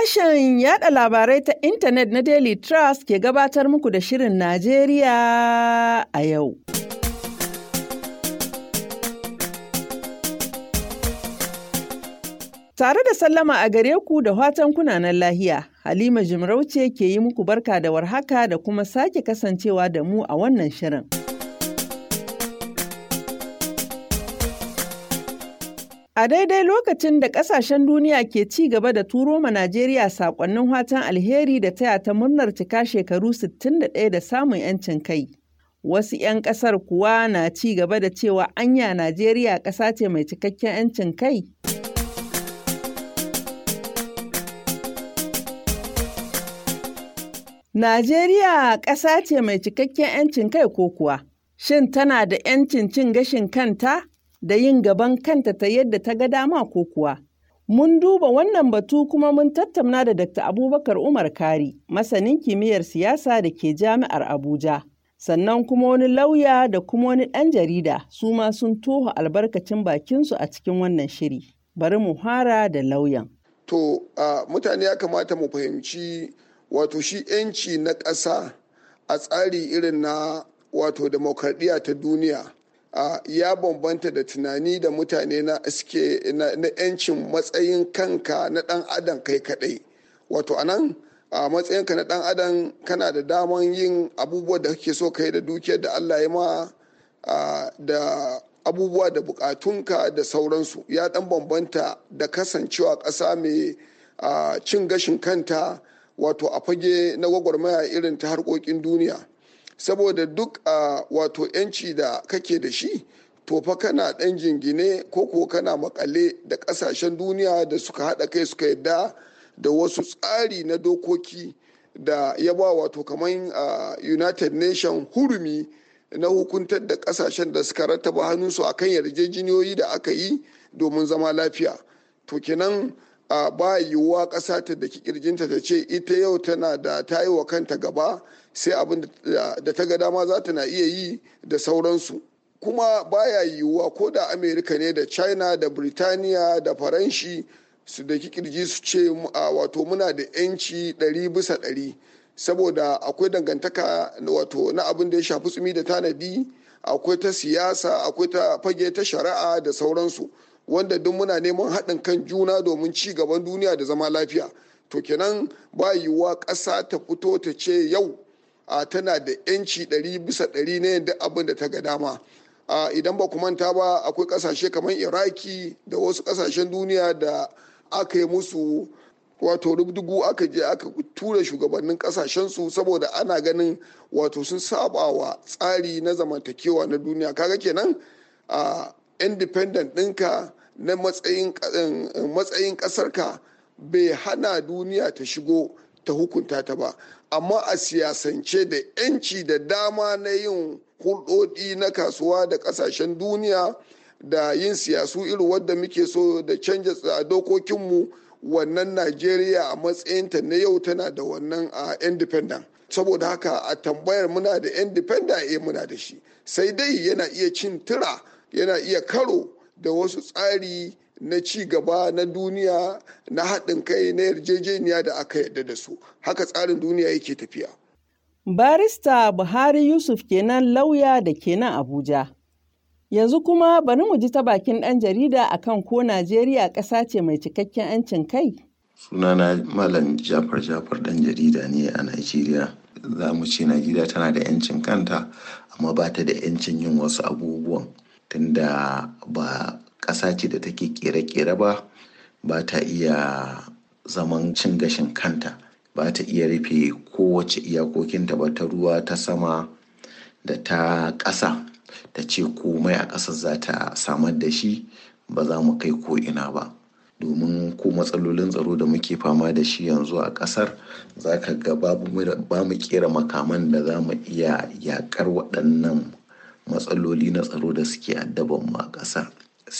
Sashen yada labarai ta intanet na Daily Trust ke gabatar muku da Shirin Najeriya a yau. Tare da sallama a gare ku da watan kunanan lahiya, Halima Jimarauce ke yi muku barka da warhaka da kuma sake kasancewa da mu a wannan shirin. A daidai lokacin da kasashen duniya ke ci gaba da turo ma Najeriya sakonnin watan alheri da taya ta murnar cika shekaru 61 da samun 'yancin kai. Wasu 'yan kasar kuwa na ci gaba da cewa anya Najeriya ƙasa ce mai cikakken 'yancin kai. Najeriya ƙasa ce mai cikakken 'yancin kai ko kuwa? Shin tana da 'yancin cin gashin kanta? da yin gaban kanta ta yadda ta ga dama ko kuwa. Mun duba wannan batu kuma mun tattauna da Dr. Abubakar Umar Kari, masanin kimiyyar siyasa da ke jami'ar Abuja. Sannan kuma wani lauya da kuma wani ɗan jarida su ma sun toho albarkacin bakinsu a cikin wannan shiri. Bari mu hara da lauyan. To, mutane ya kamata mu fahimci wato shi 'yanci na ƙasa a tsari irin na wato demokradiyya ta duniya. ya bambanta da tunani da mutane na suke na yancin matsayin kanka na dan adam kai kadai wato anan a matsayinka na dan adam kana da daman yin abubuwa da kake so kai da dukiyar da Allah ya ma da abubuwa da bukatunka da sauransu ya dan bambanta da kasancewa kasa mai cin gashin kanta wato a fage na gwagwarmaya irin ta harkokin duniya saboda duk a wato yanci da kake da shi to fa kana dan jingine ko ko kana makale da ƙasashen duniya da suka haɗa kai suka yadda da wasu tsari na dokoki da ya ba wato kamar united nation hurumi na hukuntar da ƙasashen da suka rattaba hannunsu a kan yarjejeniyoyi da aka yi domin zama lafiya to kenan a ba yiwuwa ƙasa ta da kirjinta ta ce ita yau tana da ta yi wa kanta gaba sai abin da ta ga dama za ta na iya yi da sauransu kuma baya yiwuwa ko da amerika ne da china da birtaniya da faranshi su da kirji su ce wato muna da 'yanci 100 bisa 100 saboda akwai dangantaka wato na abin da ya shafi tsumi da tanadi akwai ta siyasa akwai ta fage ta shari'a da sauransu wanda duk muna neman haɗin kan juna domin ci gaban duniya da zama lafiya to kenan ba yiwuwa ƙasa ta fito ta ce yau tana da yanci ɗari bisa ɗari ne da abin da ta ga dama idan ba ku manta ba akwai kasashe kamar iraki da wasu ƙasashen duniya da aka yi musu wato rubdugu aka je aka tura shugabannin su saboda ana ganin wato sun saba wa tsari na zamantakewa na duniya kaga kenan independent ɗinka na eh, matsayin ƙasarka bai hana duniya ta shigo ta hukunta ta ba amma a siyasance da 'yanci da dama na yin hulɗoɗi na kasuwa da ƙasashen duniya da yin siyasu irin wadda muke so da canja dokokinmu wannan najeriya a matsayinta na yau tana da wannan a independent saboda haka a tambayar muna da independent eh muna da shi sai dai yana iya cin tura yana iya karo da wasu tsari na ci gaba na duniya na haɗin kai na yarjejeniya da aka yarda da su haka tsarin duniya yake tafiya. barista buhari yusuf kenan lauya da kenan abuja yanzu kuma bari mu ji ta bakin ɗan jarida akan ko najeriya ƙasa ce mai cikakken 'yancin kai sunana malam jafar jafar ɗan jarida ne a najeriya za mu ce najeriya tana da 'yancin kanta amma ba ta da 'yancin yin wasu abubuwan tunda ba ƙasa ce da take ƙere-ƙere ba ba ta iya zaman cin gashin kanta ba ta iya rufe kowace iyakokinta ba ta ruwa ta sama da ta ƙasa ta ce komai a ƙasar za ta samar da shi ba za mu kai ko'ina ba domin ko matsalolin tsaro da muke fama da shi yanzu a ƙasar za ka ga ba mu kera makaman da za mu iya yaƙar waɗannan matsaloli na tsaro da suke addaban mu a ƙasar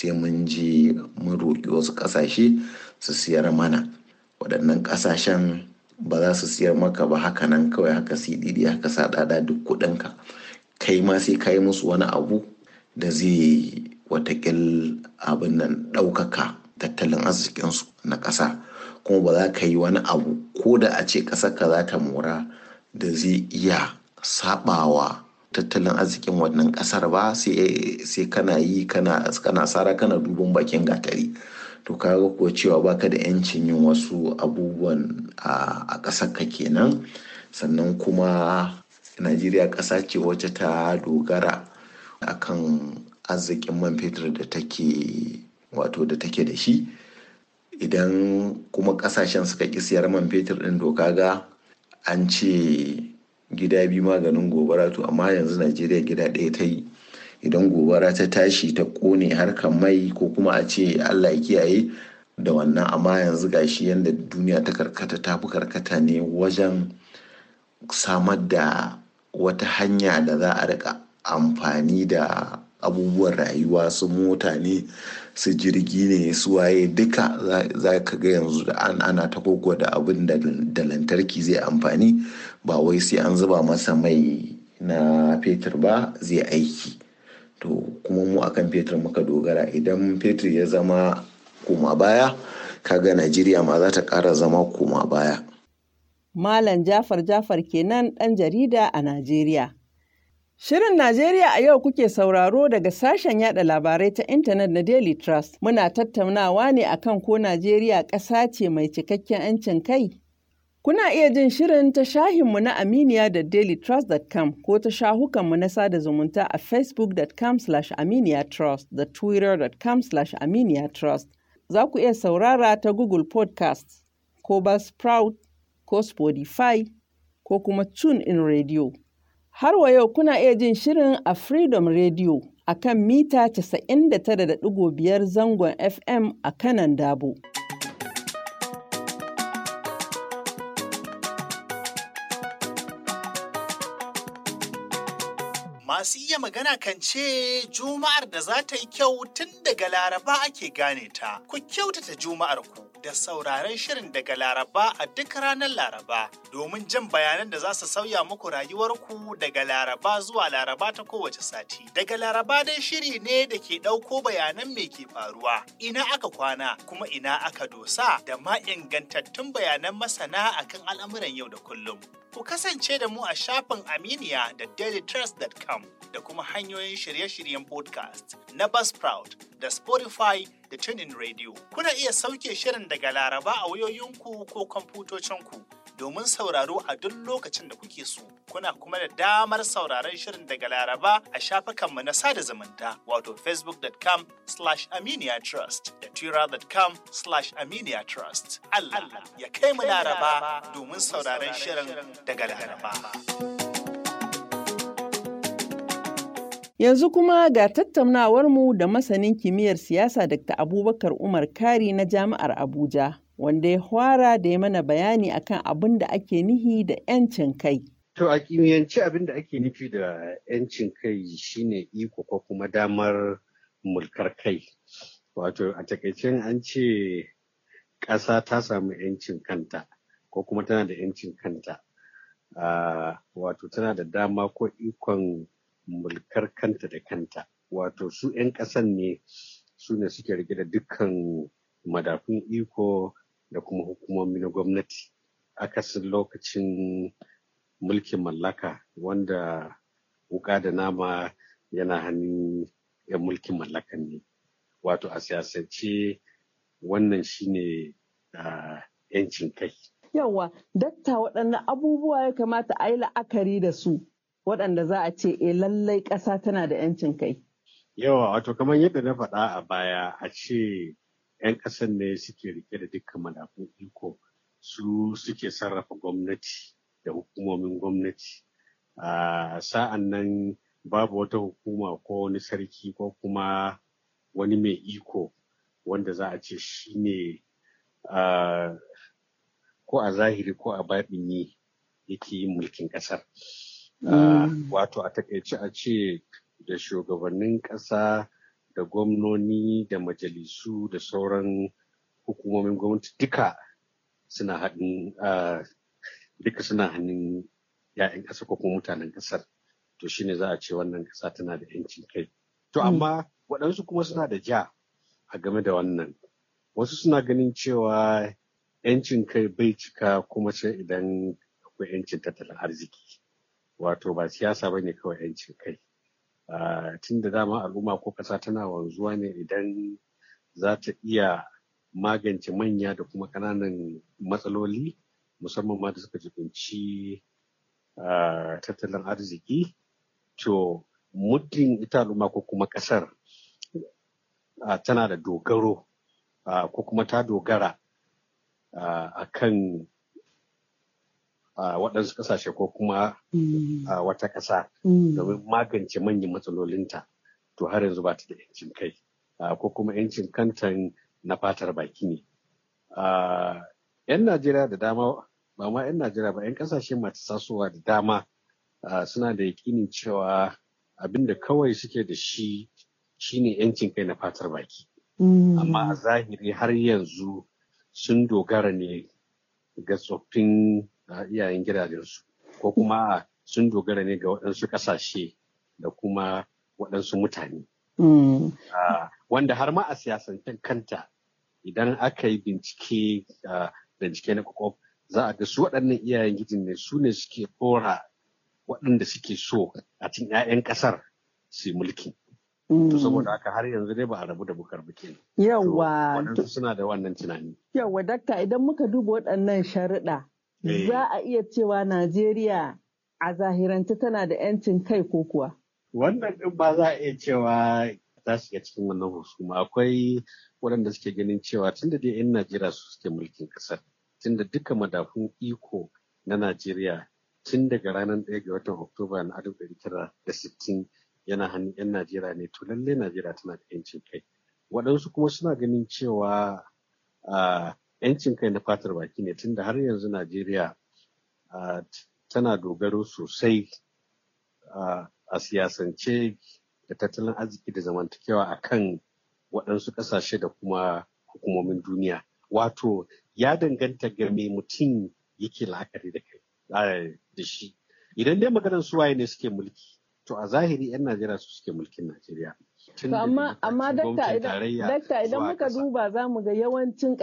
sai mun je mun roƙi wasu ƙasashe su siyar mana waɗannan ƙasashen ba za su siyar maka ba haka nan kawai haka cdd haka sa dada duk ka kai ma sai ka yi musu wani abu da zai watakil abin nan ɗaukaka tattalin arzikinsu na ƙasa kuma ba za ka yi wani abu ko da a ce ka za ta mora da zai iya saɓawa tattalin arzikin wannan kasar ba sai kana yi kana sara kana dubin bakin gatari to kaga ko cewa baka da yancin yin wasu abubuwan a ƙasar ka kenan sannan kuma najeriya ƙasa ce wacce ta dogara akan arzikin man fetur da take wato da take da shi idan kuma ƙasashen suka ƙi siyar man fetur ɗin to kaga an ce gida biyu maganin gobara to amma yanzu najeriya gida ɗaya ta yi idan gobara ta tashi ta kone harkar mai ko kuma a ce allah ya kiyaye da wannan amma yanzu gashi yadda duniya ta karkata ta fi karkata ne wajen samar da wata hanya da za a rika amfani da abubuwan rayuwa su mota ne su jirgi ne su waye duka za ka ga yanzu da ana ta da abin da lantarki zai amfani ba wai sai an zuba masa mai na fetur ba zai aiki to kuma mu akan fetur muka dogara idan fetur ya zama koma baya kaga najeriya ma za ta ƙara zama koma baya malam jafar jafar kenan ɗan jarida a najeriya Shirin Najeriya a yau kuke sauraro daga sashen yada labarai ta intanet na Daily Trust. Muna tattaunawa ne akan ko Najeriya ƙasa ce mai cikakken 'yancin kai Kuna iya jin shirin ta shahinmu na Aminiya da dailytrust.com ko ta shahukanmu na sada zumunta a facebook.com aminiyatrust da twitter.com aminiyatrust. Za ku iya saurara ta Google Podcast ko Buzzsprout ko Spotify ko kuma TuneIn Radio. Har wa yau kuna iya jin shirin a Freedom Radio a kan mita 99.5 zangon FM a kanan Dabo. masu iya magana kan ce juma'ar da za ta yi kyau tun daga laraba ake gane ta ku kyautata juma'ar ku da sauraren shirin daga Laraba a duk ranar Laraba domin jin bayanan da za su sauya muku rayuwarku daga Laraba zuwa Laraba ta kowace sati. Daga Laraba dai shiri ne da ke ɗauko bayanan me ke faruwa, ina aka kwana kuma ina aka dosa da ma ingantattun bayanan masana akan al'amuran yau da kullum. Ku kasance da mu a shafin Aminiya da dailytrust.com da kuma hanyoyin shirye-shiryen podcast na Buzzsprout da Spotify da Tunin Radio. Kuna iya sauke shirin daga Laraba a wayoyinku ko kwamfutocinku domin sauraro a duk lokacin da kuke so. Kuna kuma da damar sauraron shirin daga Laraba a shafukanmu na sada zumunta wato facebook.com slash aminia trust da twitter.com slash aminiya trust. Allah ya kai mu Laraba domin sauraron shirin daga Laraba. Yanzu kuma ga tattaunawarmu da masanin kimiyyar siyasa Dr. Abubakar Umar Kari na Jami'ar Abuja, wanda ya hwara da ya mana bayani akan abin da ake nihi da 'yancin kai. To a kimiyyance abin da ake nufi da 'yancin kai shine iko ko kuma damar mulkar kai. Wato a takaicen an ce ƙasa ta samu 'yancin kanta ko kuma tana da 'yancin kanta. Uh, wato tana da dama ko ikon mulkar kanta da kanta wato su 'yan ƙasan ne su ne suke rike da dukkan madafun iko da kuma hukumomi na gwamnati akasin lokacin mulkin mallaka wanda wuka da nama yana hannun 'yan mulkin mallakan ne wato a siyasance wannan shine yancin kai yawa datta waɗannan abubuwa ya kamata a yi la'akari da su waɗanda za a ce e lallai ƙasa tana da 'yancin kai. Yawa wato kamar yadda na faɗa a baya a ce 'yan ƙasan ne suke rike da dukkan madafun iko su suke sarrafa gwamnati da hukumomin gwamnati. Sa'an nan babu wata hukuma ko wani sarki ko kuma wani mai iko wanda za a ce shi ne ko a zahiri ko a baɗini yake yin mulkin ƙasar. Ah, mm. Wato a takaice a ce da shugabannin ƙasa da gwamnoni da majalisu da sauran hukumomin gwamnati duka suna haɗin ah, duka suna hannun 'ya'yan ƙasa ko kuma mutanen ƙasar to shine za a ce wannan ƙasa tana da 'yancin kai to mm. amma waɗansu kuma suna da ja a game da wannan wasu suna ganin cewa 'yancin kai bai cika kuma sai idan akwai 'yancin tattalin arziki wato ba siyasa ba ne kawai 'yancin kai ah, tun da dama al'umma ko ƙasa tana wanzuwa ne idan za ta iya magance manya da kuma kananan matsaloli musamman ma da suka jibinci ah, tattalin arziki to muddin ita al'umma ko kuma ƙasar ah, tana da dogaro ko kuma ta dogara a kan a waɗansu ƙasashe ko kuma mm. a wata ƙasa mm. domin magance manyan matsalolinta to har yanzu ba ta da yancin kai ko kuma yancin kantan na fatar baki ne. 'Yan Najeriya da dama ba ma 'yan Najeriya ba 'yan ƙasashe masu tasowa da dama suna da yaƙinin cewa abin da kawai suke da shi shine yancin kai na fatar baki. Mm. Amma a zahiri har yanzu sun dogara ne ga tsoffin iyayen gidajensu ko kuma sun dogara ne ga waɗansu ƙasashe da kuma waɗansu mutane. Mm. Wanda har ma a siyasantar kanta idan aka yi bincike bincike na kwakwaf za a ga su waɗannan iyayen gidin ne su ne suke ɗora waɗanda suke so a cikin 'ya'yan ƙasar su mulki. Mm. saboda haka har yanzu ne ba a rabu da bukar buke Yawwa Yawa. suna da wannan tunani. Yawwa, dakta idan muka duba waɗannan sharuɗa Eh. za a iya cewa Najeriya a zahirance tana da 'yancin kai ko kuwa? Wannan ɗin ba za a iya cewa za su iya cikin wannan husuma akwai waɗanda suke ganin cewa tun da dai 'yan Najeriya su suke mulkin ƙasar tun da duka madafun iko na Najeriya tun daga ranar ɗaya ga watan Oktoba na alif ɗari tara da sittin yana hannun 'yan Najeriya ne to lallai Najeriya tana da 'yancin kai. Waɗansu kuma suna ganin cewa ah, 'yancin kai na fatar baki ne tunda har yanzu Najeriya tana dogaro sosai a siyasance da tattalin arziki da zamantakewa a kan waɗansu ƙasashe da kuma hukumomin duniya. Wato ya danganta ga me mutum yake la'akari da kai da shi. Idan dai maganar su ne suke mulki, to a zahiri 'yan Najeriya su suke mulkin Najeriya. amma amma dakta idan muka duba za mu ga yawancin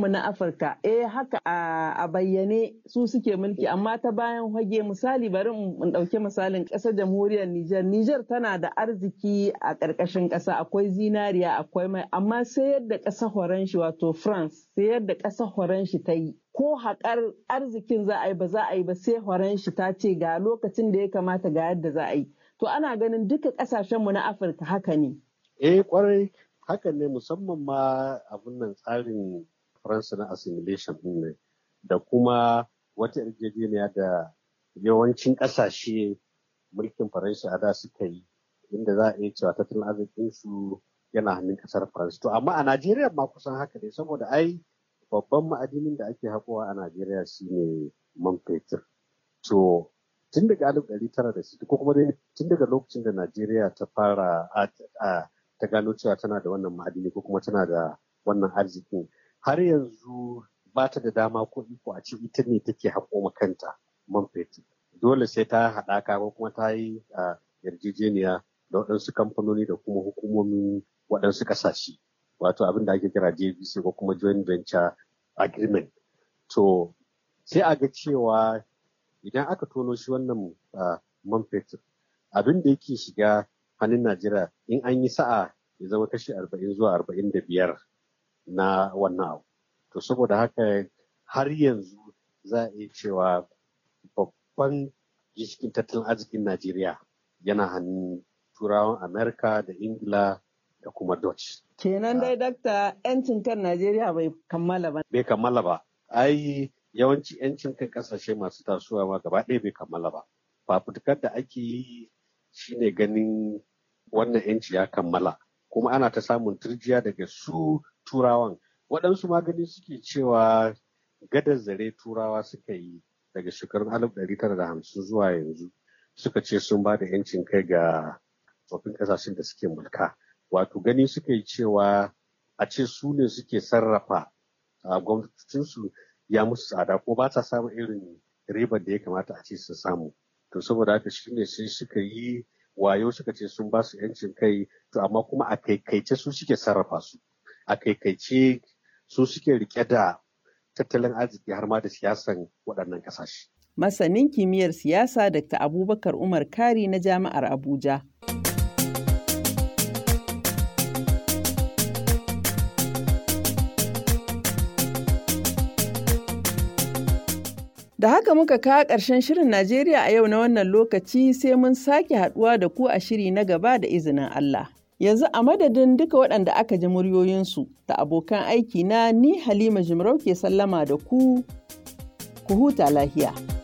mu na afirka eh haka a bayyane su suke mulki amma ta bayan hage misali bari mu ɗauki misalin ƙasar jamhuriyar niger niger tana da arziki a ƙarƙashin ƙasa akwai zinariya akwai mai amma sai yadda ƙasa horon shi wato france sai yadda ƙasa horon shi ta yi ko haƙar arzikin za a yi ba za a yi ba sai horon shi ta ce ga lokacin da ya kamata ga yadda za a yi to ana ganin duka ƙasashenmu na afirka haka ne eh kwarai haka ne musamman ma abin nan tsarin faransa na assimilation din ne da kuma wata yarjejeniya da yawancin ƙasashe mulkin faransa a da suka yi inda za a iya cewa tattalin arzikin su yana hannun ƙasar faransa to amma a najeriya ma kusan haka ne saboda ai babban ma'adinin da ake haƙowa a najeriya shine man fetur to tun daga alif ɗari tara da sittin ko kuma dai tun daga lokacin da najeriya ta fara ta gano cewa tana da wannan ma'adini ko kuma tana da wannan arzikin har yanzu ba ta da dama ko iko a ce ita ne take haƙo makanta man fetur dole sai ta haɗaka ko kuma ta yi yarjejeniya da waɗansu kamfanoni da kuma hukumomin waɗansu ƙasashe wato abin da ake kira JVC ko kuma joint venture agreement to sai a ga cewa idan aka tono shi wannan ah, man fetur abin da yake shiga hannun najeriya in an yi sa'a ya zama kashi arba'in zuwa arba'in da biyar na wannan abu to saboda haka har yanzu za a iya cewa babban gishikin tattalin arzikin najeriya yana hannun turawan amerika da ingila da kuma dutch kenan dai ah. dakta yancin kan najeriya bai kammala ba bai kammala ba ai yawanci 'yancin kan kasashe masu tasowa ma gaba ɗaya bai kammala ba fafutukar da ake yi shine ganin wannan 'yanci ya kammala kuma ana ta samun turjiya daga su turawan waɗansu magani suke cewa gadar zare turawa suka yi daga shekarun 1950 zuwa yanzu suka ce sun ba da 'yancin kai ga tsofin kasashen da suke mulka wato gani suka yi cewa a ce su ne suke sarrafa a gwamnatocinsu ya musu tsada ko ba sa samun irin ribar da ya kamata a ce su samu to saboda haka shi ne sai suka yi wayo suka ce sun ba su yancin kai to amma kuma a kaikaice su suke sarrafa su a kaikaice su suke rike da tattalin arziki har ma da siyasan waɗannan ƙasashe. Masanin kimiyyar siyasa Dr. Abubakar Umar Kari na Jami'ar Abuja. Da haka muka kawo ƙarshen shirin Najeriya a yau na wannan lokaci sai mun sake haɗuwa da ku a shiri na gaba da izinin Allah. Yanzu a madadin duka waɗanda aka ji muryoyinsu da abokan aiki na ni Halima Jimarau ke sallama da ku, ku huta lahiya.